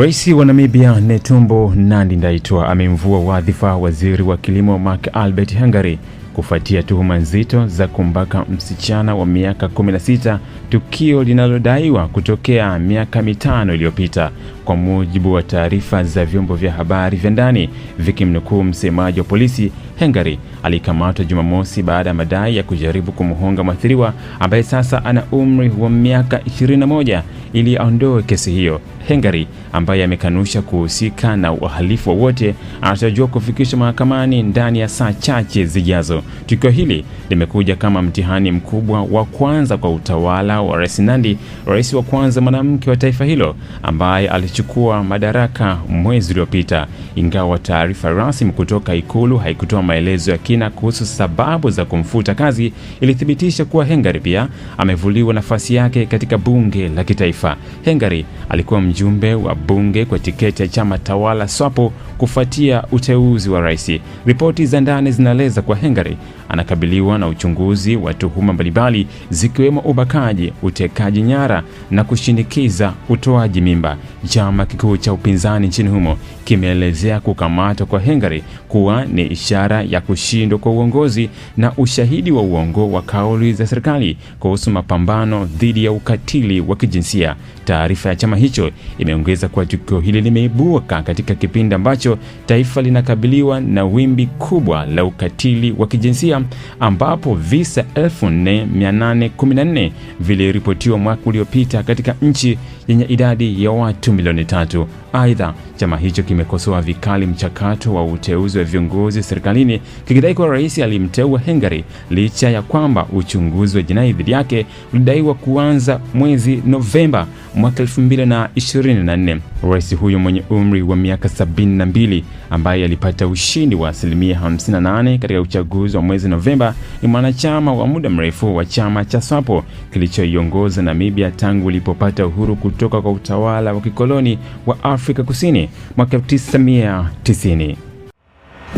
Rais wa Namibia Netumbo Nandi-Ndaitwah amemvua wadhifa waziri wa kilimo Mark Albert Hungary kufuatia tuhuma nzito za kumbaka msichana wa miaka 16, tukio linalodaiwa kutokea miaka mitano iliyopita kwa mujibu wa taarifa za vyombo vya habari vya ndani vikimnukuu msemaji wa polisi. Hengari alikamatwa Jumamosi baada ya madai ya kujaribu kumhonga mwathiriwa ambaye sasa ana umri wa miaka 21 ili aondoe kesi hiyo. Hengari ambaye amekanusha kuhusika na uhalifu wowote anatarajiwa kufikishwa mahakamani ndani ya saa chache zijazo. Tukio hili limekuja kama mtihani mkubwa wa kwanza kwa utawala wa Rais Nandi, rais wa kwanza mwanamke wa taifa hilo ambaye kuchukua madaraka mwezi uliopita, ingawa taarifa rasmi kutoka Ikulu haikutoa maelezo ya kina kuhusu sababu za kumfuta kazi, ilithibitisha kuwa Hengari pia amevuliwa nafasi yake katika bunge la kitaifa. Hengari alikuwa mjumbe wa bunge kwa tiketi ya chama tawala SWAPO kufuatia uteuzi wa rais. Ripoti za ndani zinaeleza kuwa Hengari anakabiliwa na uchunguzi wa tuhuma mbalimbali zikiwemo ubakaji, utekaji nyara na kushinikiza utoaji mimba. Chama kikuu cha upinzani nchini humo kimeelezea kukamatwa kwa Hengari kuwa ni ishara ya kushindwa kwa uongozi na ushahidi wa uongo wa kauli za serikali kuhusu mapambano dhidi ya ukatili wa kijinsia. Taarifa ya chama hicho imeongeza kuwa tukio hili limeibuka katika kipindi ambacho hicho, taifa linakabiliwa na wimbi kubwa la ukatili wa kijinsia ambapo visa 4814 viliripotiwa mwaka uliopita katika nchi yenye idadi ya watu milioni tatu. Aidha, chama hicho kimekosoa vikali mchakato wa uteuzi wa viongozi serikalini kikidai kuwa rais alimteua Hengari licha ya kwamba uchunguzi wa jinai dhidi yake ulidaiwa kuanza mwezi Novemba mwaka 2024. Rais huyo mwenye umri wa miaka 72 mbili ambaye alipata ushindi wa asilimia 58 katika uchaguzi wa mwezi Novemba ni mwanachama wa muda mrefu wa chama cha SWAPO kilichoiongoza Namibia tangu ilipopata uhuru kutoka kwa utawala wa kikoloni wa Afrika Kusini mwaka 1990.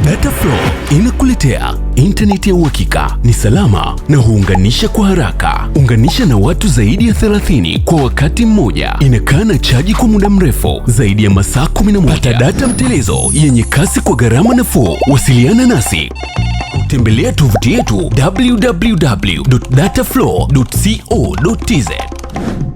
Betaflow inakuletea intaneti ya uhakika, ni salama na huunganisha kwa haraka. Unganisha na watu zaidi ya 30 kwa wakati mmoja. Inakaa na chaji kwa muda mrefu zaidi ya masaa 11. Pata data mtelezo yenye kasi kwa gharama nafuu. Wasiliana nasi tembelea tovuti yetu www.dataflow.co.tz.